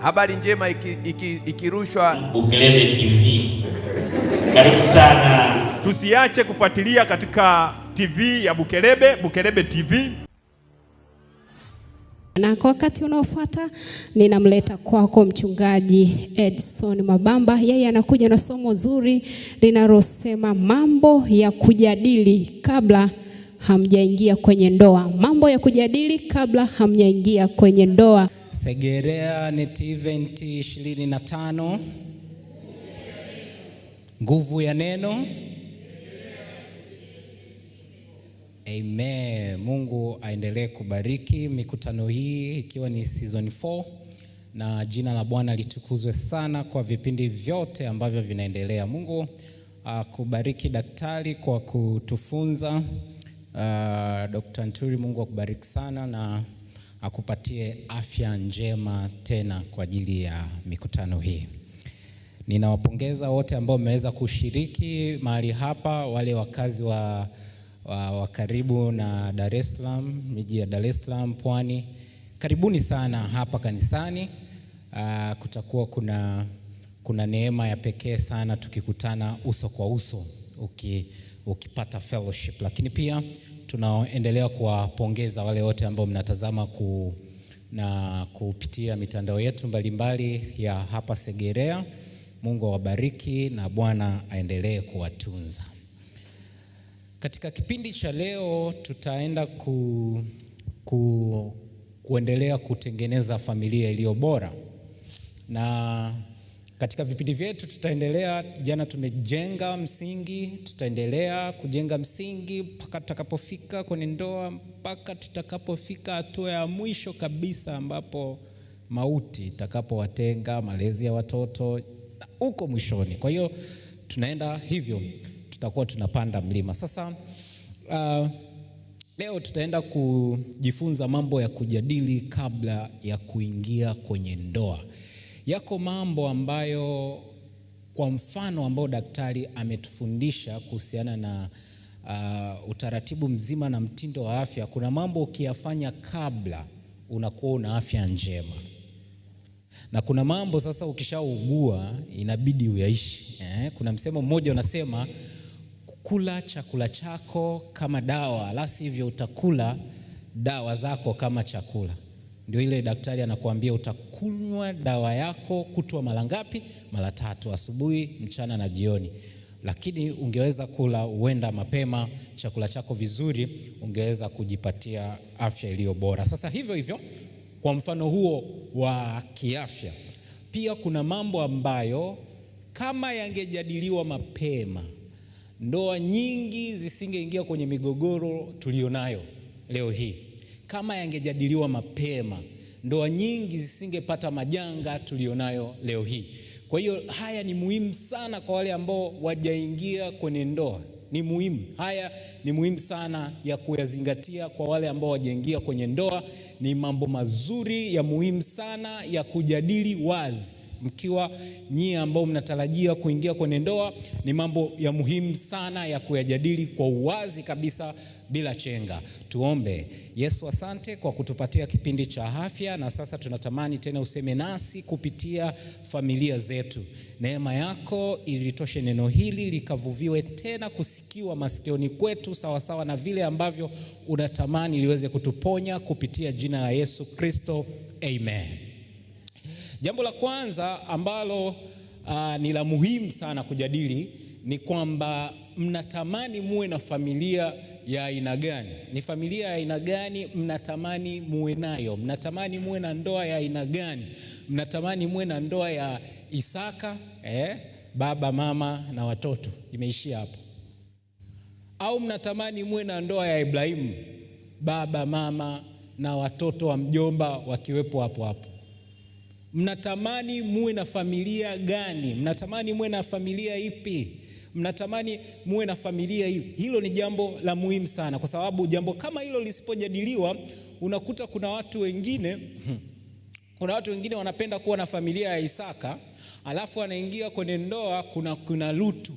Habari njema ikirushwa iki, iki Bukelebe TV. Karibu sana, tusiache kufuatilia katika TV ya Bukelebe, Bukelebe TV. Na kwa wakati unaofuata ninamleta kwako mchungaji Edson Mabamba. Yeye anakuja na somo zuri linalosema mambo ya kujadili kabla hamjaingia kwenye ndoa, mambo ya kujadili kabla hamjaingia kwenye ndoa. Segerea NET Event 25 nguvu ya neno. Amen. Mungu aendelee kubariki mikutano hii ikiwa ni season 4 na jina la Bwana litukuzwe sana kwa vipindi vyote ambavyo vinaendelea. Mungu uh, akubariki daktari kwa kutufunza. Uh, Dr. Nturi Mungu akubariki sana na akupatie afya njema tena kwa ajili ya mikutano hii. Ninawapongeza wote ambao mmeweza kushiriki mahali hapa, wale wakazi wa, wa, wa karibu na Dar es Salaam, miji ya Dar es Salaam, Pwani, karibuni sana hapa kanisani. Uh, kutakuwa kuna, kuna neema ya pekee sana tukikutana uso kwa uso uki, ukipata fellowship, lakini pia tunaendelea kuwapongeza wale wote ambao mnatazama ku, na kupitia mitandao yetu mbalimbali mbali ya hapa Segerea. Mungu awabariki na Bwana aendelee kuwatunza. Katika kipindi cha leo tutaenda ku, ku, kuendelea kutengeneza familia iliyo bora na katika vipindi vyetu tutaendelea, jana tumejenga msingi, tutaendelea kujenga msingi mpaka tutakapofika kwenye ndoa, mpaka tutakapofika hatua ya mwisho kabisa, ambapo mauti itakapowatenga, malezi ya watoto huko mwishoni. Kwa hiyo tunaenda hivyo, tutakuwa tunapanda mlima. Sasa uh, leo tutaenda kujifunza mambo ya kujadili kabla ya kuingia kwenye ndoa. Yako mambo ambayo kwa mfano ambao daktari ametufundisha kuhusiana na uh, utaratibu mzima na mtindo wa afya. Kuna mambo ukiyafanya kabla unakuwa una afya njema, na kuna mambo sasa ukishaugua inabidi uyaishi eh. Kuna msemo mmoja unasema kula chakula chako kama dawa, la sivyo utakula dawa zako kama chakula. Ndio ile daktari anakuambia utakunywa dawa yako kutwa mara ngapi? Mara tatu, asubuhi, mchana na jioni. Lakini ungeweza kula uenda mapema chakula chako vizuri, ungeweza kujipatia afya iliyo bora. Sasa hivyo hivyo, kwa mfano huo wa kiafya, pia kuna mambo ambayo kama yangejadiliwa mapema, ndoa nyingi zisingeingia kwenye migogoro tuliyonayo leo hii. Kama yangejadiliwa mapema, ndoa nyingi zisingepata majanga tuliyonayo leo hii. Kwa hiyo haya ni muhimu sana kwa wale ambao wajaingia kwenye ndoa, ni muhimu haya, ni muhimu sana ya kuyazingatia kwa wale ambao wajaingia kwenye ndoa. Ni mambo mazuri ya muhimu sana ya kujadili wazi mkiwa nyie ambao mnatarajia kuingia kwenye ndoa, ni mambo ya muhimu sana ya kuyajadili kwa uwazi kabisa bila chenga. Tuombe. Yesu, asante kwa kutupatia kipindi cha afya, na sasa tunatamani tena useme nasi kupitia familia zetu. Neema yako ilitoshe neno hili likavuviwe tena kusikiwa masikioni kwetu, sawasawa na vile ambavyo unatamani liweze kutuponya kupitia jina la Yesu Kristo, amen. Jambo la kwanza ambalo uh, ni la muhimu sana kujadili ni kwamba mnatamani muwe na familia ya aina gani? Ni familia ya aina gani mnatamani muwe nayo? Mnatamani muwe na ndoa ya aina gani? Mnatamani muwe na ndoa ya Isaka eh, baba mama na watoto, imeishia hapo? Au mnatamani muwe na ndoa ya Ibrahimu, baba mama na watoto wa mjomba wakiwepo hapo hapo? Mnatamani muwe na familia gani? Mnatamani muwe na familia ipi? Mnatamani muwe na familia ipi? Hilo ni jambo la muhimu sana, kwa sababu jambo kama hilo lisipojadiliwa, unakuta kuna watu wengine kuna watu wengine wanapenda kuwa na familia ya Isaka, alafu anaingia kwenye ndoa kuna, kuna Lutu.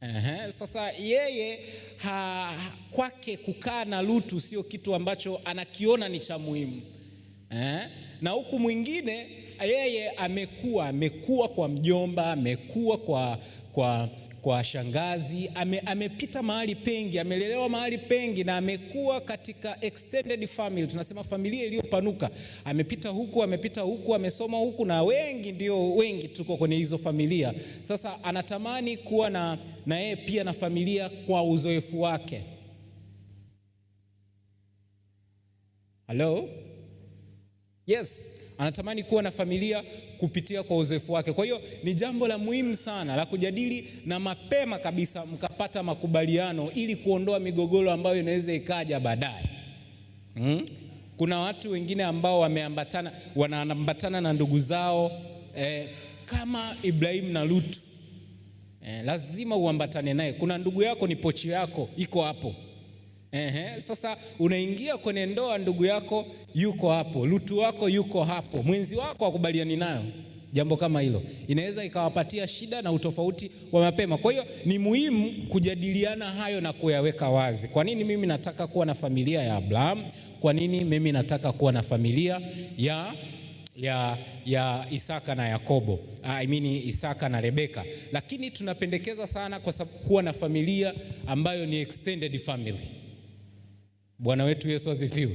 Ehe, sasa yeye ha, kwake kukaa na Lutu sio kitu ambacho anakiona ni cha muhimu eh? Na huku mwingine yeye amekuwa amekuwa kwa mjomba, amekuwa kwa, kwa, kwa shangazi, ame, amepita mahali pengi, amelelewa mahali pengi na amekuwa katika extended family, tunasema familia iliyopanuka. Amepita huku, amepita huku, amesoma huku, na wengi ndio wengi tuko kwenye hizo familia. Sasa anatamani kuwa na, na yeye pia na familia kwa uzoefu wake. Hello? Yes, anatamani kuwa na familia kupitia kwa uzoefu wake. Kwa hiyo ni jambo la muhimu sana la kujadili na mapema kabisa mkapata makubaliano ili kuondoa migogoro ambayo inaweza ikaja baadaye. Hmm? Kuna watu wengine ambao wameambatana wanaambatana na ndugu zao eh, kama Ibrahimu na Lutu. Eh, lazima uambatane naye. Kuna ndugu yako ni pochi yako iko hapo. Ehe, sasa unaingia kwenye ndoa, ndugu yako yuko hapo, lutu wako yuko hapo, mwenzi wako akubaliani nayo jambo kama hilo inaweza ikawapatia shida na utofauti wa mapema. Kwa hiyo ni muhimu kujadiliana hayo na kuyaweka wazi. Kwa nini mimi nataka kuwa na familia ya Abraham? Kwa nini mimi nataka kuwa na familia ya, ya, ya Isaka na Yakobo, ah, I mean Isaka na Rebeka? Lakini tunapendekeza sana kwa sababu kuwa na familia ambayo ni extended family Bwana wetu Yesu azifiwe.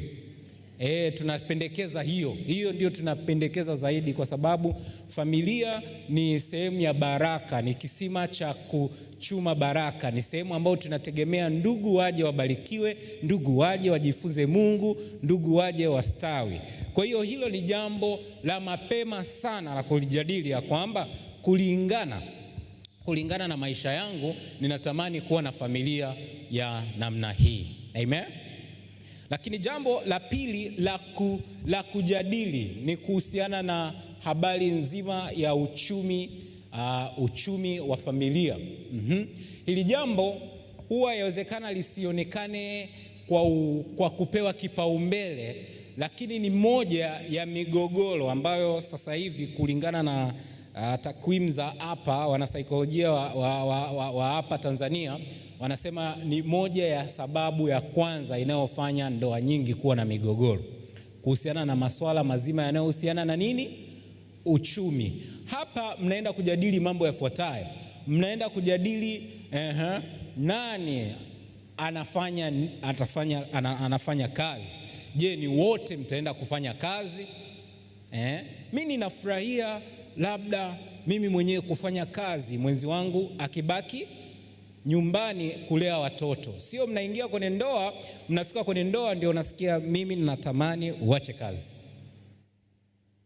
E, eh, tunapendekeza hiyo hiyo ndio tunapendekeza zaidi, kwa sababu familia ni sehemu ya baraka, ni kisima cha kuchuma baraka, ni sehemu ambayo tunategemea ndugu waje wabarikiwe, ndugu waje wajifunze Mungu, ndugu waje wastawi. Kwa hiyo hilo ni jambo la mapema sana la kulijadili, ya kwamba kulingana kulingana na maisha yangu ninatamani kuwa na familia ya namna hii. Amen. Lakini jambo la pili la, ku, la kujadili ni kuhusiana na habari nzima ya uchumi, uh, uchumi wa familia. Mm-hmm. Hili jambo huwa yawezekana lisionekane kwa, u, kwa kupewa kipaumbele, lakini ni moja ya migogoro ambayo sasa hivi kulingana na uh, takwimu za hapa wanasaikolojia wa hapa wa, wa, wa Tanzania wanasema ni moja ya sababu ya kwanza inayofanya ndoa nyingi kuwa na migogoro kuhusiana na masuala mazima yanayohusiana na nini? Uchumi. Hapa mnaenda kujadili mambo yafuatayo. Mnaenda kujadili uh-huh, nani anafanya, atafanya, anafanya kazi. Je, ni wote mtaenda kufanya kazi eh? Mi ninafurahia labda mimi mwenyewe kufanya kazi, mwenzi wangu akibaki nyumbani kulea watoto, sio mnaingia kwenye ndoa, mnafika kwenye ndoa ndio unasikia mimi ninatamani uache kazi.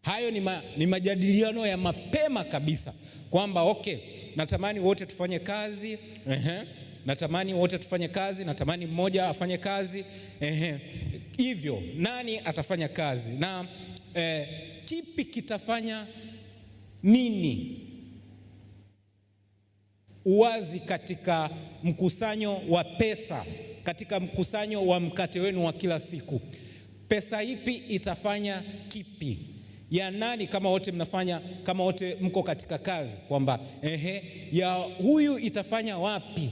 Hayo ni, ma, ni majadiliano ya mapema kabisa kwamba okay, natamani wote tufanye kazi ehe, natamani wote tufanye kazi, natamani mmoja afanye kazi ehe, hivyo nani atafanya kazi na eh, kipi kitafanya nini uwazi katika mkusanyo wa pesa, katika mkusanyo wa mkate wenu wa kila siku. Pesa ipi itafanya kipi? ya nani? Kama wote mnafanya, kama wote mko katika kazi, kwamba ehe, ya huyu itafanya wapi,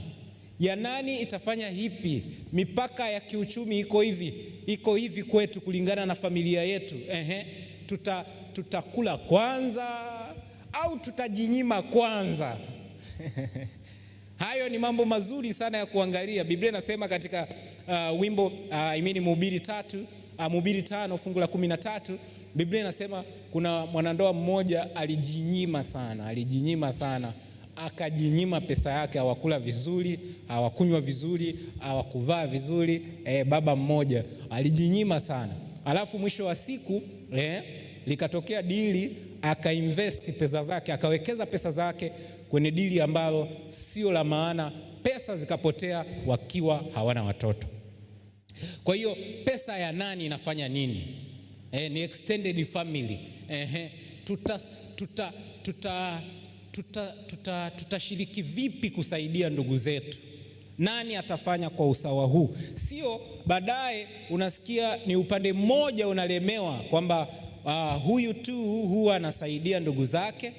ya nani itafanya hipi. Mipaka ya kiuchumi iko hivi, iko hivi kwetu kulingana na familia yetu. Ehe, tuta tutakula kwanza au tutajinyima kwanza? Hayo ni mambo mazuri sana ya kuangalia. Biblia inasema katika uh, wimbo uh, mean Mhubiri tatu uh, Mhubiri tano fungu la kumi na tatu Biblia inasema kuna mwanandoa mmoja alijinyima sana, alijinyima sana akajinyima pesa yake, hawakula vizuri, hawakunywa vizuri, hawakuvaa vizuri. E, baba mmoja alijinyima sana, alafu mwisho wa siku e, likatokea dili akainvest pesa zake, akawekeza pesa zake kwenye dili ambalo sio la maana, pesa zikapotea wakiwa hawana watoto. Kwa hiyo pesa ya nani inafanya nini? E, ni extended family. Ehe, tuta, tuta, tuta, tuta, tuta, tutashiriki vipi kusaidia ndugu zetu? Nani atafanya kwa usawa huu? Sio baadaye unasikia ni upande mmoja unalemewa kwamba uh, huyu tu huwa anasaidia ndugu zake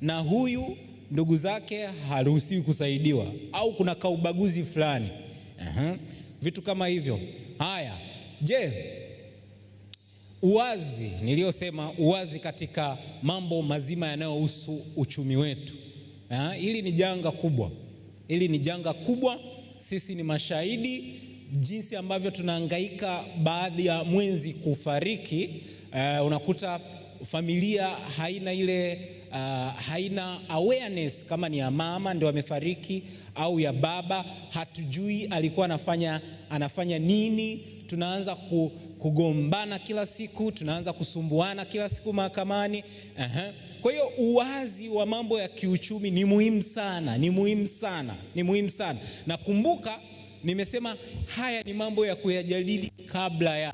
na huyu ndugu zake haruhusiwi kusaidiwa, au kuna kaubaguzi fulani uh-huh. Vitu kama hivyo. Haya, je, uwazi niliyosema, uwazi katika mambo mazima yanayohusu uchumi wetu uh, hili ni janga kubwa, hili ni janga kubwa. Sisi ni mashahidi jinsi ambavyo tunahangaika baadhi ya mwenzi kufariki uh, unakuta familia haina ile uh, haina awareness kama ni ya mama ndio amefariki au ya baba, hatujui alikuwa anafanya anafanya nini. Tunaanza ku, kugombana kila siku, tunaanza kusumbuana kila siku mahakamani. uh-huh. Kwa hiyo uwazi wa mambo ya kiuchumi ni muhimu sana, ni muhimu sana, ni muhimu sana. Na kumbuka nimesema haya ni mambo ya kuyajadili kabla ya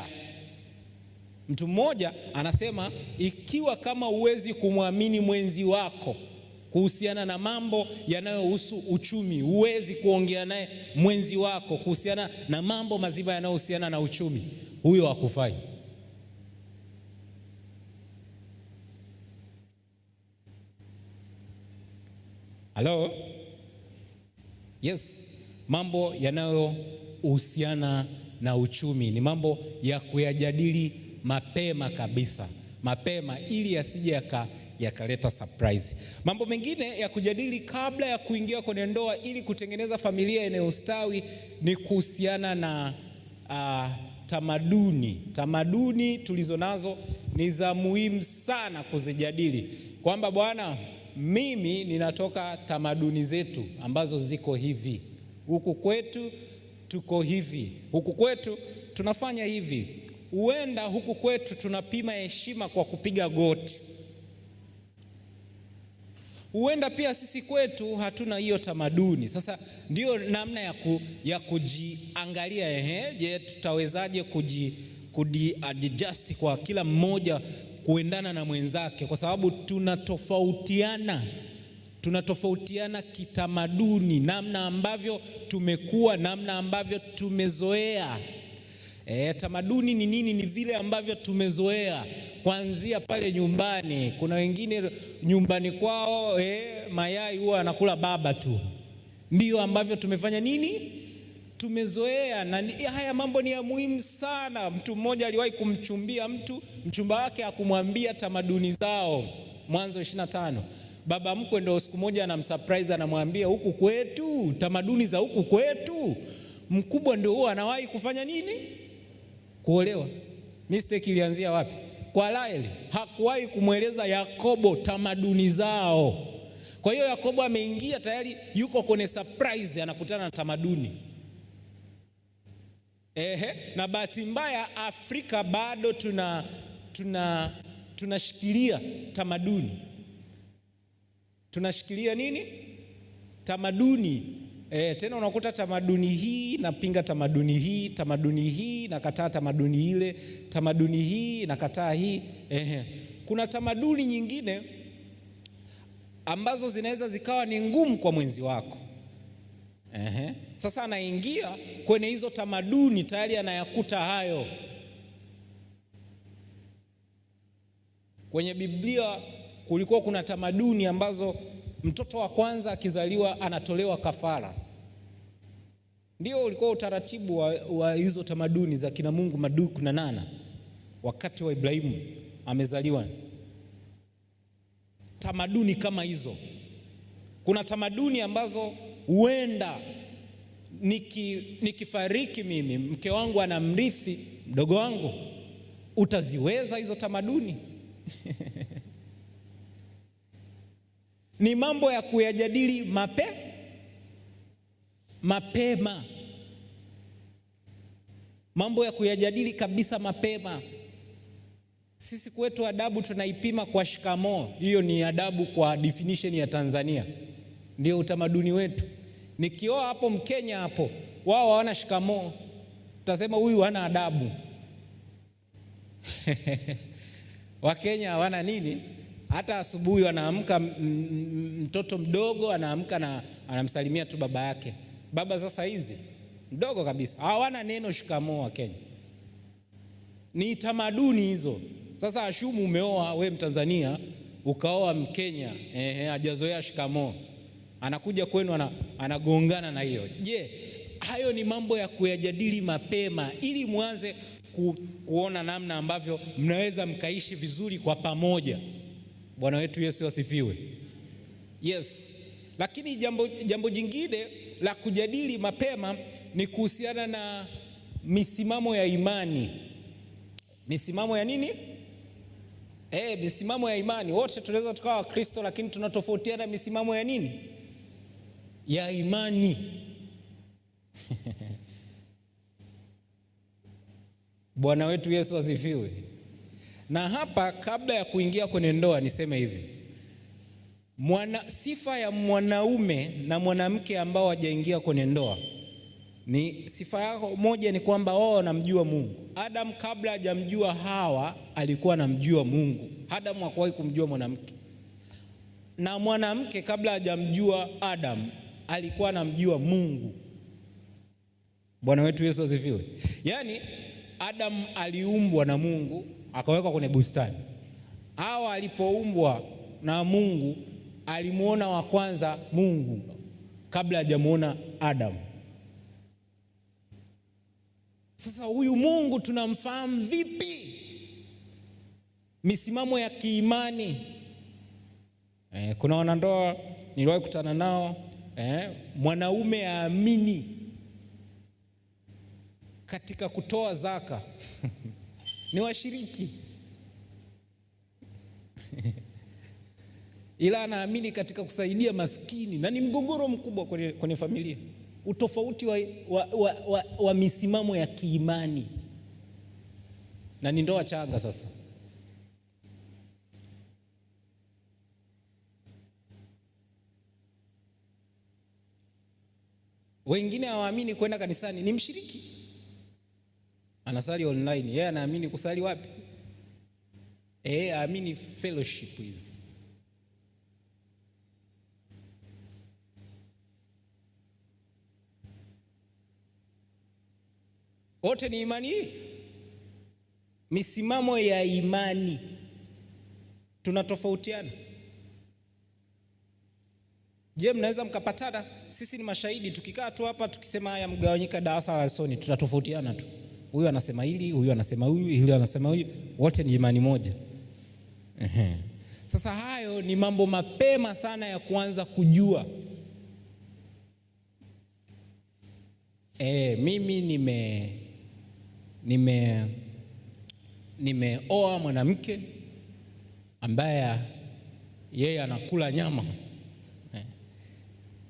Mtu mmoja anasema ikiwa kama huwezi kumwamini mwenzi wako kuhusiana na mambo yanayohusu uchumi, huwezi kuongea naye mwenzi wako kuhusiana na mambo mazima yanayohusiana na uchumi, huyo hakufai. Halo, yes, mambo yanayohusiana na uchumi ni mambo ya kuyajadili mapema kabisa, mapema ili yasije yaka yakaleta surprise. Mambo mengine ya kujadili kabla ya kuingia kwenye ndoa ili kutengeneza familia inayostawi ni kuhusiana na uh, tamaduni. Tamaduni tulizo nazo ni za muhimu sana kuzijadili, kwamba bwana, mimi ninatoka tamaduni zetu ambazo ziko hivi, huku kwetu tuko hivi, huku kwetu tunafanya hivi, huenda huku kwetu tunapima heshima kwa kupiga goti. Huenda pia sisi kwetu hatuna hiyo tamaduni. Sasa ndiyo namna ya, ku, ya kujiangalia ehe, je, tutawezaje kuji kujiadjust kwa kila mmoja kuendana na mwenzake, kwa sababu tunatofautiana tunatofautiana kitamaduni, namna ambavyo tumekuwa, namna ambavyo tumezoea. E, tamaduni ni nini? Ni vile ambavyo tumezoea kuanzia pale nyumbani. Kuna wengine nyumbani kwao e, mayai huwa anakula baba tu, ndio ambavyo tumefanya nini, tumezoea. Na haya mambo ni ya muhimu sana. Mtu mmoja aliwahi kumchumbia mtu, mchumba wake akumwambia tamaduni zao, Mwanzo 25. Baba mkwe ndo siku moja anamsurprise, anamwambia huku kwetu, tamaduni za huku kwetu, mkubwa ndio huwa anawahi kufanya nini kuolewa. Mistake ilianzia wapi? Kwa Raheli. Hakuwahi kumweleza Yakobo tamaduni zao. Kwa hiyo Yakobo ameingia tayari, yuko kwenye surprise, anakutana na tamaduni. Ehe, na bahati mbaya Afrika bado tuna tuna tunashikilia tamaduni, tunashikilia nini? Tamaduni. E, tena unakuta tamaduni hii napinga tamaduni hii, tamaduni hii nakataa tamaduni ile, tamaduni hii nakataa hii. Ehe. Kuna tamaduni nyingine ambazo zinaweza zikawa ni ngumu kwa mwenzi wako. Ehe. Sasa anaingia kwenye hizo tamaduni tayari anayakuta hayo. Kwenye Biblia kulikuwa kuna tamaduni ambazo mtoto wa kwanza akizaliwa anatolewa kafara. Ndio ulikuwa utaratibu wa, wa hizo tamaduni za kina Mungu Maduku na Nana wakati wa Ibrahimu amezaliwa. Tamaduni kama hizo, kuna tamaduni ambazo huenda niki, nikifariki mimi mke wangu anamrithi mdogo wangu, utaziweza hizo tamaduni? ni mambo ya kuyajadili mape mapema, mambo ya kuyajadili kabisa mapema. Sisi kwetu adabu tunaipima kwa shikamoo. Hiyo ni adabu kwa definition ya Tanzania, ndio utamaduni wetu. Nikioa hapo Mkenya hapo, wao hawana shikamoo, tutasema huyu hana adabu Wakenya hawana nini hata asubuhi anaamka mtoto mdogo anaamka na anamsalimia tu baba yake. Baba sasa hizi mdogo kabisa, hawana neno shikamoo wa Kenya. Ni tamaduni hizo. Sasa ashumu umeoa we Mtanzania ukaoa Mkenya eh, ajazoea shikamoo, anakuja kwenu ana, anagongana na hiyo. Je, hayo ni mambo ya kuyajadili mapema ili mwanze ku, kuona namna ambavyo mnaweza mkaishi vizuri kwa pamoja. Bwana wetu Yesu asifiwe. Yes, lakini jambo, jambo jingine la kujadili mapema ni kuhusiana na misimamo ya imani. Misimamo ya nini? E, misimamo ya imani. Wote tunaweza tukawa Wakristo, lakini tunatofautiana misimamo ya nini? Ya imani Bwana wetu Yesu asifiwe. Na hapa kabla ya kuingia kwenye ndoa niseme hivi. Mwana, sifa ya mwanaume na mwanamke ambao hawajaingia kwenye ndoa ni sifa yao moja ni kwamba wao wanamjua Mungu. Adam kabla hajamjua Hawa alikuwa anamjua Mungu. Adam hakuwahi kumjua mwanamke, na mwanamke kabla hajamjua Adam alikuwa anamjua Mungu. Bwana wetu Yesu asifiwe. Yaani Adam aliumbwa na Mungu akawekwa kwenye bustani. Hawa alipoumbwa na Mungu alimuona wa kwanza Mungu kabla hajamuona Adamu. Sasa huyu Mungu tunamfahamu vipi? Misimamo ya kiimani eh. Kuna wanandoa niliwahi kutana nao eh, mwanaume aamini katika kutoa zaka ni washiriki ila anaamini katika kusaidia maskini na ni mgogoro mkubwa kwenye, kwenye familia, utofauti wa, wa, wa, wa, wa misimamo ya kiimani na ni ndoa changa. Sasa wengine hawaamini kwenda kanisani, ni mshiriki anasali online yeye, anaamini kusali wapi? Eh, aamini fellowship hizi. Wote ni imani hii, misimamo ya imani tunatofautiana. Je, mnaweza mkapatana? Sisi ni mashahidi, tukikaa tu hapa tukisema haya, mgawanyika darasa la soni, tutatofautiana tu huyu anasema hili, huyu anasema huyu, hili anasema huyu, wote ni imani moja. Ehe. Sasa hayo ni mambo mapema sana ya kuanza kujua. E, mimi nime nime nimeoa mwanamke ambaye yeye anakula nyama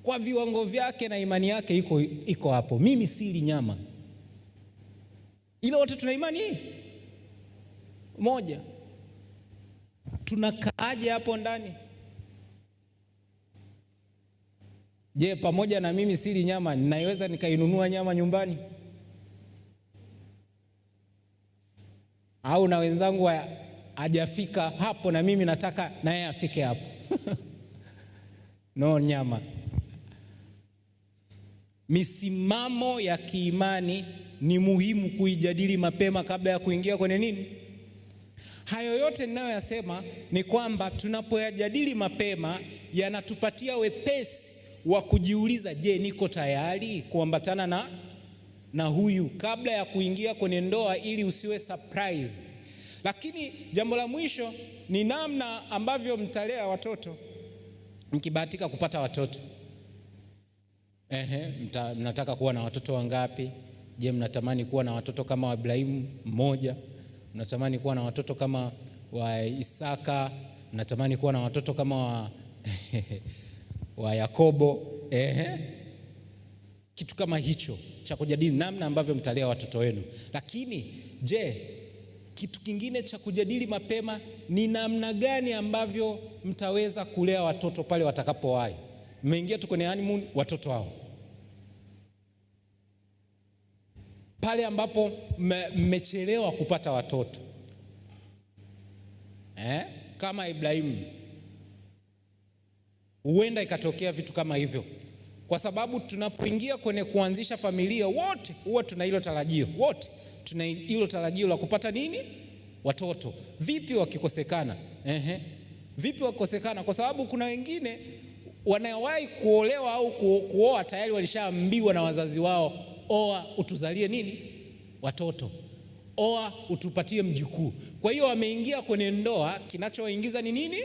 kwa viwango vyake na imani yake iko iko hapo. Mimi sili nyama ila wote tuna imani moja, tunakaaje hapo ndani? Je, pamoja na mimi sili nyama, ninaweza nikainunua nyama nyumbani au na wenzangu hajafika hapo na mimi nataka na yeye afike hapo? No, nyama. Misimamo ya kiimani ni muhimu kuijadili mapema kabla ya kuingia kwenye nini. Hayo yote ninayoyasema ni kwamba tunapoyajadili mapema yanatupatia wepesi wa kujiuliza, je, niko tayari kuambatana na, na huyu kabla ya kuingia kwenye ndoa, ili usiwe surprise. Lakini jambo la mwisho ni namna ambavyo mtalea watoto mkibahatika kupata watoto. Ehe, mta, mnataka kuwa na watoto wangapi? Je, mnatamani kuwa na watoto kama wa Ibrahimu mmoja? Mnatamani kuwa na watoto kama wa Isaka? Mnatamani kuwa na watoto kama wa, wa Yakobo? Ehe, kitu kama hicho cha kujadili namna ambavyo mtalea watoto wenu. Lakini je, kitu kingine cha kujadili mapema ni namna gani ambavyo mtaweza kulea watoto pale watakapowahi. Mmeingia tu kwenye honeymoon, watoto hao pale ambapo mmechelewa kupata watoto eh? Kama Ibrahimu, huenda ikatokea vitu kama hivyo, kwa sababu tunapoingia kwenye kuanzisha familia wote huwa tuna hilo tarajio, wote tuna hilo tarajio la kupata nini? Watoto. Vipi wakikosekana? Ehe, vipi wakikosekana? Kwa sababu kuna wengine wanawahi kuolewa au kuoa tayari walishaambiwa na wazazi wao oa utuzalie nini watoto, oa utupatie mjukuu. Kwa hiyo wameingia kwenye ndoa, kinachoingiza ni nini?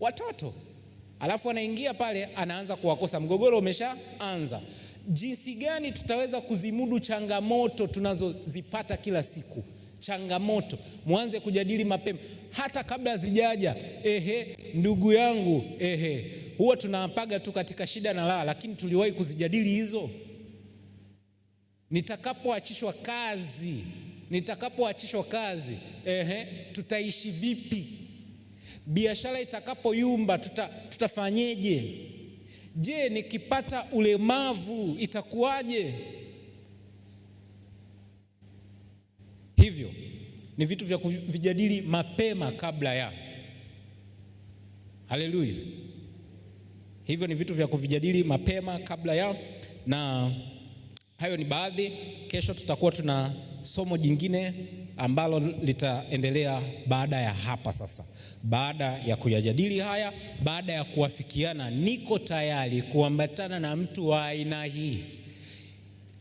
Watoto. Alafu anaingia pale, anaanza kuwakosa. Mgogoro umeshaanza. Jinsi gani tutaweza kuzimudu changamoto tunazozipata kila siku? Changamoto mwanze kujadili mapema, hata kabla zijaja. Ehe, ndugu yangu, ehe, huwa tunawapaga tu katika shida na laa, lakini tuliwahi kuzijadili hizo? nitakapoachishwa kazi, nitakapoachishwa kazi, ehe, tutaishi vipi? Biashara itakapoyumba tuta, tutafanyeje? Je, nikipata ulemavu itakuwaje? Hivyo ni vitu vya kuvijadili mapema kabla ya. Haleluya! Hivyo ni vitu vya kuvijadili mapema kabla ya na Hayo ni baadhi. Kesho tutakuwa tuna somo jingine ambalo litaendelea baada ya hapa sasa, baada ya kuyajadili haya, baada ya kuafikiana niko tayari kuambatana na mtu wa aina hii.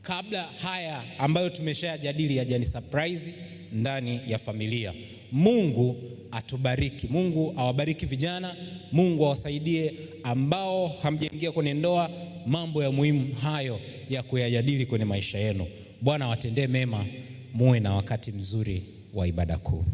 Kabla haya ambayo tumeshayajadili yajani surprise ndani ya familia. Mungu atubariki, Mungu awabariki vijana, Mungu awasaidie ambao hamjaingia kwenye ndoa mambo ya muhimu hayo ya kuyajadili kwenye maisha yenu. Bwana watendee mema, muwe na wakati mzuri wa ibada kuu.